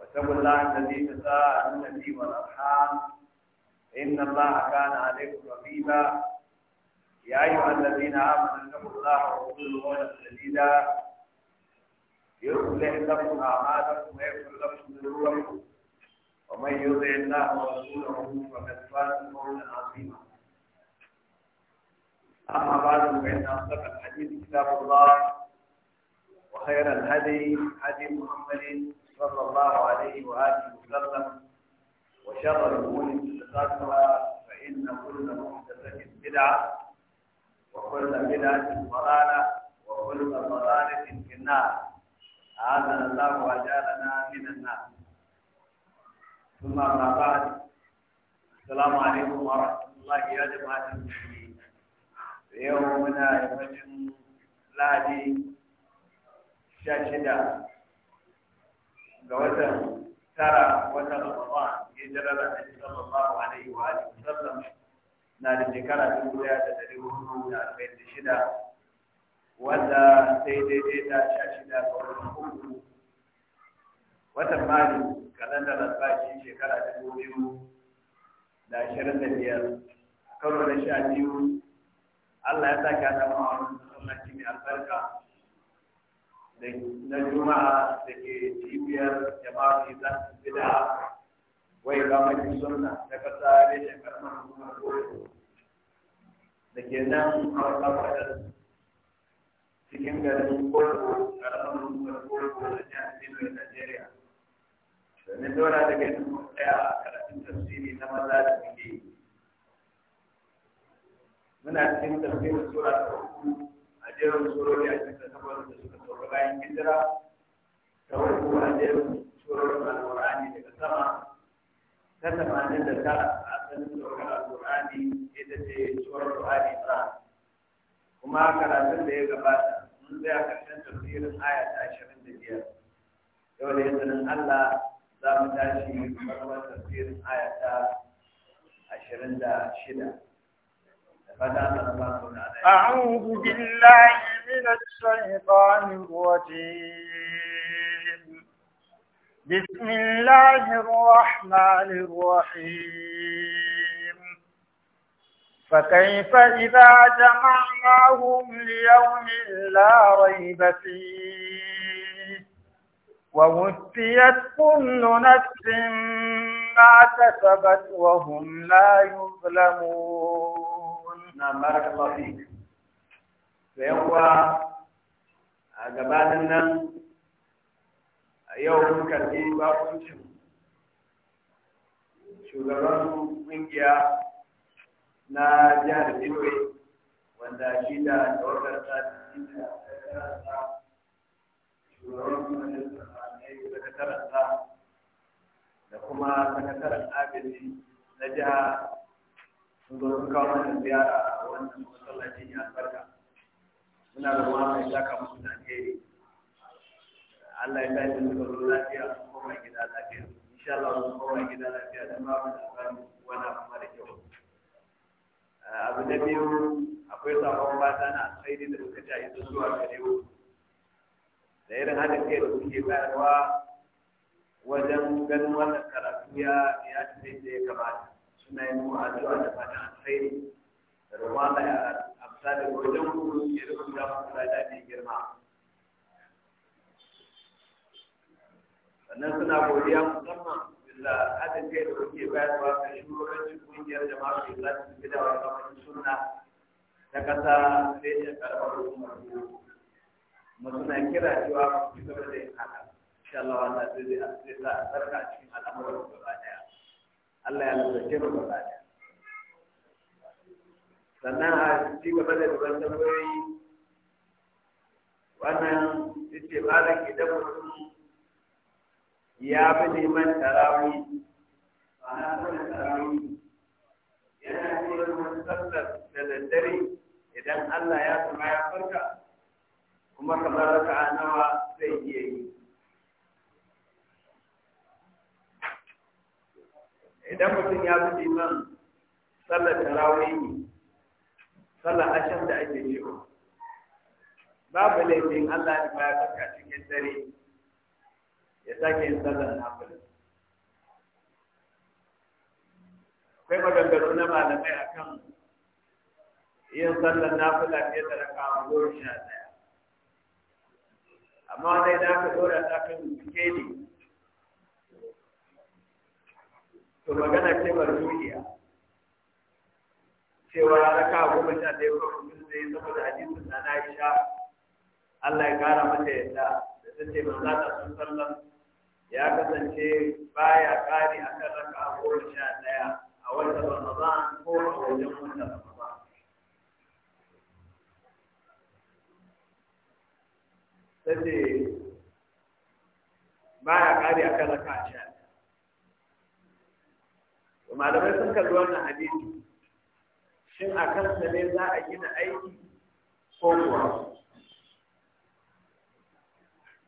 واتقوا الله الذي تساءلون به والارحام ان الله كان عليكم رقيبا يا ايها الذين امنوا اتقوا الله وقولوا قولا سديدا يصلح لكم اعمالكم ويغفر لكم ذنوبكم ومن يطع الله ورسوله فقد فاز قولا عظيما أما بعد فإن أصدق الحديث كتاب الله وخير الهدي هدي محمد صلى الله عليه وآله وسلم وشر الأمور محدثاتها فإن كل محدثة بدعة وكل بدعة ضلالة وكل ضلالة في النار أعاذنا الله وأجارنا من النار ثم ما بعد السلام عليكم ورحمة الله يا جماعة المسلمين يومنا يوم الأحد شاشدة ga watan tara watan Ramadan ya jira da Annabi sallallahu alaihi wa alihi wasallam na da shekara dubu daya da dari hudu da arba'in da shida wanda sai daidai da sha shida ga Wata uku watan Mali kalandar albashi shekara dubu biyu da ashirin da biyar karo da sha biyu Allah ya sake haɗa ma'a wani masallaci mai albarka na juma'a da ke cibiyar jama'a zan bida wai kamar sunna da kasa da shekar mahimman gobe da ke nan a kafaɗar cikin garin gobe karamar mahimman gobe da jihar benue nigeria domin dora daga yin tsaya a karatun tafsiri na maza da muke muna cikin tafsirin sura ta uku jerin surori a cikin saboda da suka saura bayan hijira ta farko a jerin surorin alƙur'ani daga sama ta tamanin da ta a asalin sauran alƙur'ani ita ce surar Ali Imran kuma karatun da ya gabata mun tsaya karshen tafsirin aya ta ashirin da biyar yau da izinin Allah za mu tashi farkon tafsirin aya ta ashirin da shida أعوذ بالله من الشيطان الرجيم بسم الله الرحمن الرحيم فكيف إذا جمعناهم ليوم لا ريب فيه ووفيت كل نفس ما كسبت وهم لا يظلمون na'am barakallahu fiik to yawa a gabanin nan a yau mun karbi bakuncin shugaban kungiya na jihar Benue wanda shi da tawagar ta da shugaban da kuma sakataren abin na jiha sun zo sun kawo mana ziyara a wannan masallaci ya albarka muna da ruwa mai saka musu da alheri Allah ya tashi suka zo lafiya su koma gida lafiya insha Allah su koma gida lafiya don ba mu da albarka wani abu mara kyau ah, abu na biyu akwai sakon bata na alkhairi da suka ta yi zuwa gare mu da irin haɗin kai da suke bayarwa wajen ganin wannan karatu ya ya tafi da ya kamata suna yi mu addu'a da fatan alkhairi da da amsa da wajen ku ya rubuta muku lada mai girma sannan suna godiya musamman bisa haɗin kai da kuke bayarwa ga shugabancin ƙungiyar jama'a mai zafi gida wa kamar suna ta kasa sai ya karɓar hukumar ku kuma suna kira cewa ku ci gaba da yin haka insha Allah wannan zai sa albarka cikin al'amuran gaba daya Allah ya lalace ba ba ɗaya sannan a ci gaba da duban tambayoyi wannan yace ke dama su ya fi neman ba ma'ana mana tarawih yana neman sallar da daddare idan Allah ya kuma ya farka kuma kamar raka'a nawa zai iya idan mutum ya bi liman sallar tarawih sallar ashan da ake ba babu laifin Allah ne ba ya saka cikin dare ya sake yin sallar nafila akwai maganganu na malamai akan yin sallar a fiye da raka goma sha ɗaya amma dai da aka ɗora ta kan ne to magana ce marjuhiya cewa raka goma sha ɗaya ko mutum zai saboda hadisin na Aisha Allah ya kara mata yadda da ta ce manzo ta sun sallan ya kasance baya kari kan raka goma sha ɗaya a wata Ramadan ko a wajen wata Ramadan ta ce baya kari akan raka sha malamai sun kalli wannan hadisi shin a kansa ne za a gina aiki ko kuwa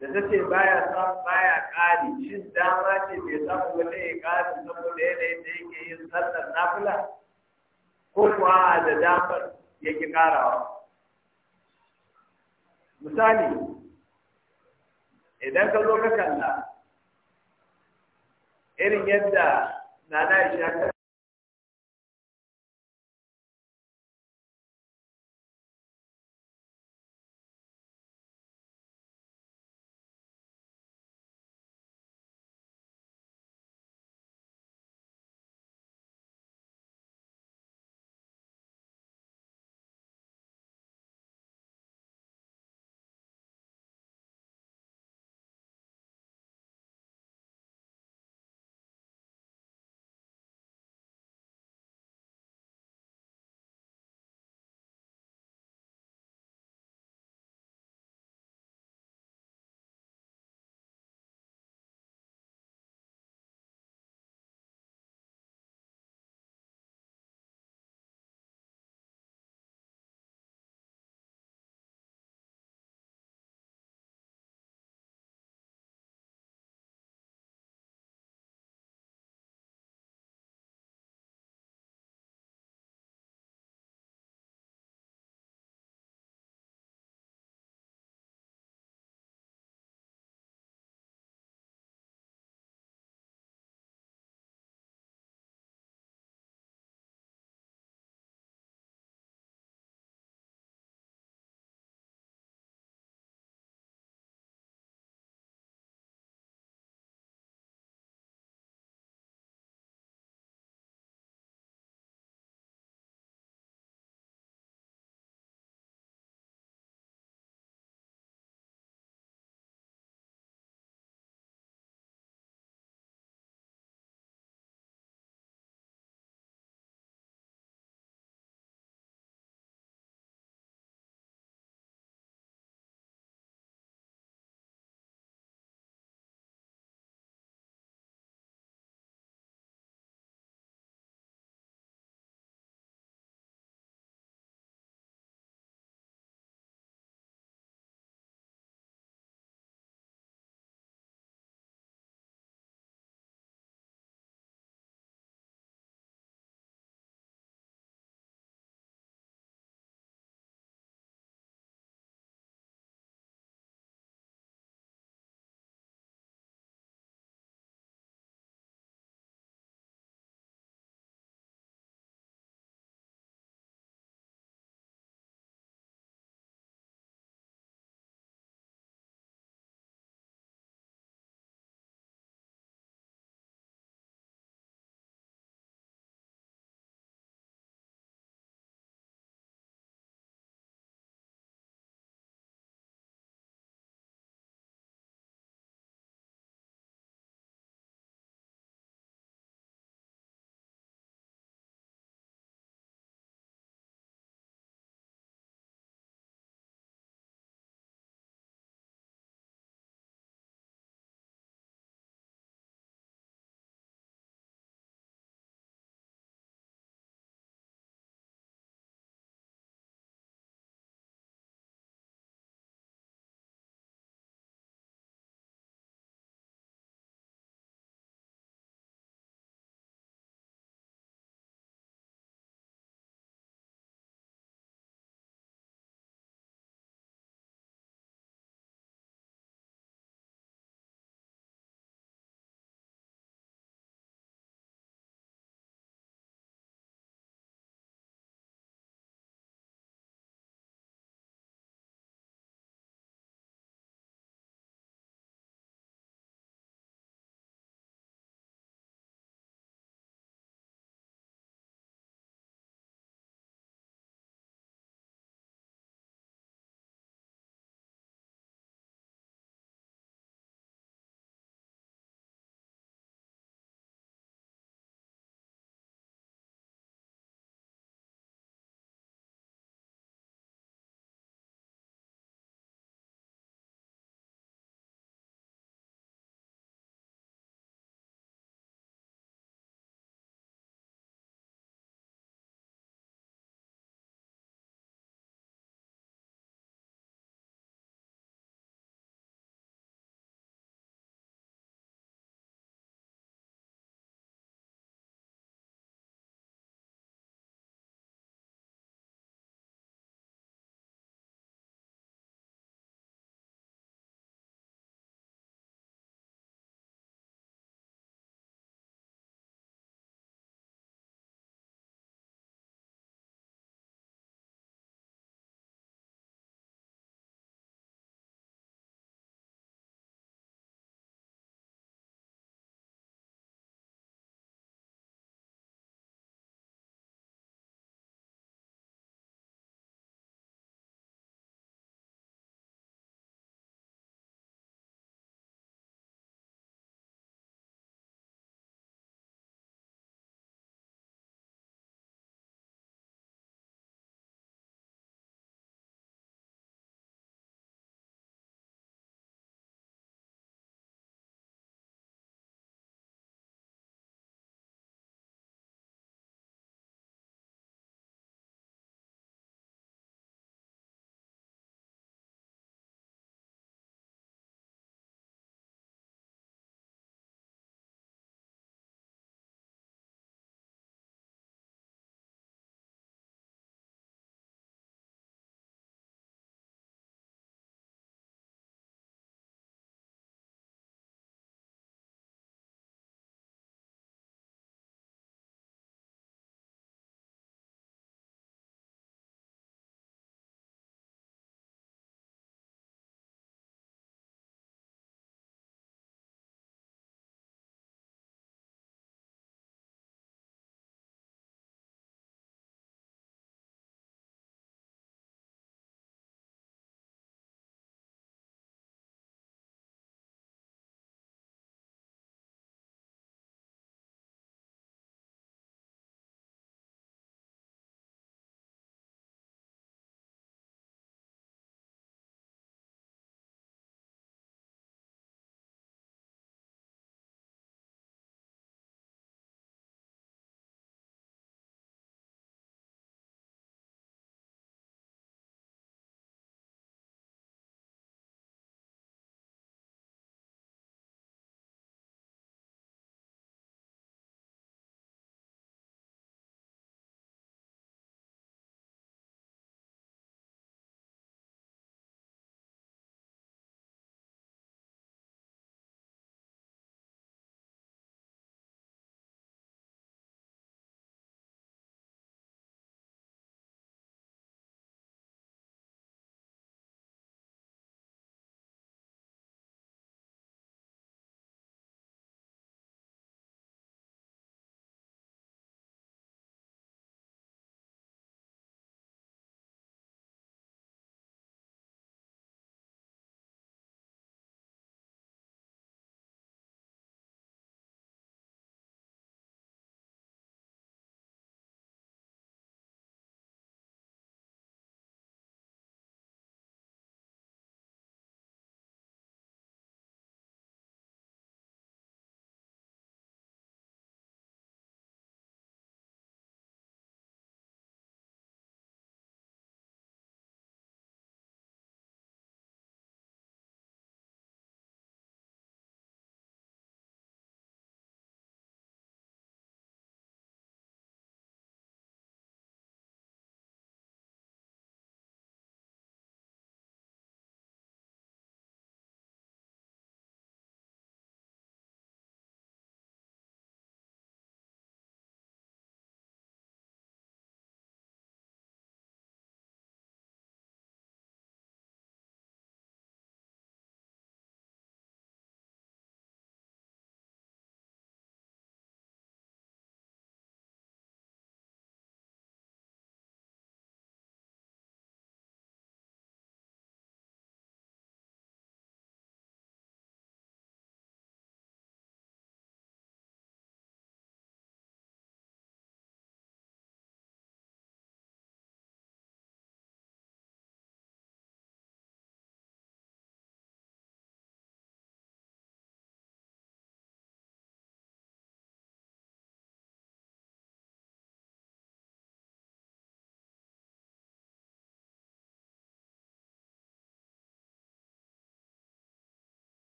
da ta ce baya samu baya ƙari shin dama ce bai samu wani ya ƙari saboda yanayin da yake yin sallar nafila ko kuwa da damar yake ƙarawa misali idan ka zo ka kalla irin yadda na na shi